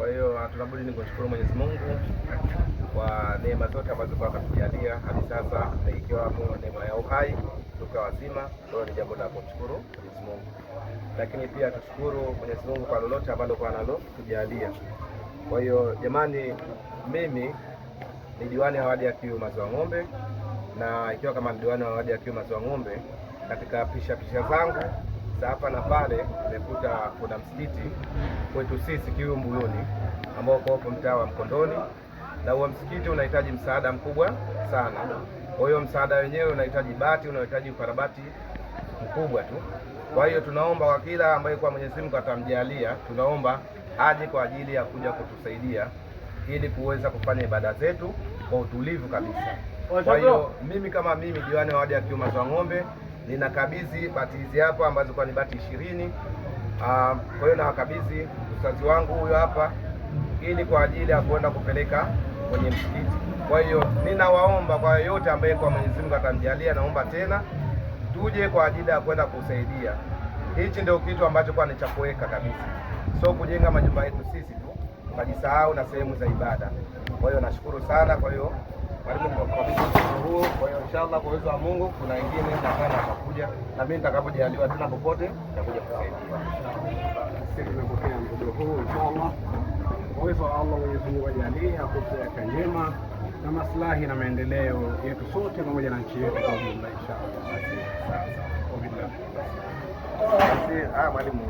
Kwa hiyo ah, tunabudi ni kumshukuru Mwenyezi Mungu kwa neema zote ambazo akatujalia hadi sasa, ikiwamo neema ya uhai tukiwa wazima. Hiyo ni jambo la kumshukuru Mwenyezi Mungu, lakini pia tushukuru Mwenyezi Mungu kwa lolote ambalo kwa nalo tujalia. Kwa hiyo jamani, mimi ni diwani wa wadi ya Kiu Maziwa Ng'ombe, na ikiwa kama diwani wa wadi ya Kiu Maziwa Ng'ombe, katika pisha pisha zangu za hapa na pale, nimekuta kuna msikiti kwetu sisi Mbuluni ambao uko hapo mtaa wa Mkondoni, na huo msikiti unahitaji msaada mkubwa sana. Kwa hiyo msaada wenyewe unahitaji bati, unahitaji ukarabati mkubwa tu. Kwa hiyo tunaomba kwa kila ambaye kwa Mwenyezi Mungu atamjalia, tunaomba aje kwa ajili ya kuja kutusaidia ili kuweza kufanya ibada zetu kwa utulivu kabisa. Kwa hiyo mimi kama mimi diwani wa wadi ya Kiuma za Ng'ombe ninakabidhi bati hizi hapa ambazo kwa ni bati ishirini. Ah, kwa hiyo nawakabidhi ustazi wangu huyo hapa, ili kwa ajili ya kuenda kupeleka kwenye msikiti. Kwa hiyo ninawaomba kwa yoyote ambaye kwa Mwenyezi Mungu atamjalia, naomba tena tuje kwa ajili ya kwenda kusaidia. Hichi ndio kitu ambacho kwa ni cha kuweka kabisa, so kujenga majumba yetu sisi tu ukajisahau na sehemu za ibada. Kwa hiyo nashukuru sana, kwa hiyo huo. Kwa hiyo inshallah, kwa uwezo wa Mungu, kuna wengine nitakaa na atakuja na mimi nitakapojaliwa tena popote nitakuja kusaidia mzigo huu inshallah, kwa uwezo wa Allah Mwenyezi Mungu ajalie akupe njema na maslahi na maendeleo yetu sote pamoja na nchi yetu kwa ujumla inshallah. Mwalimu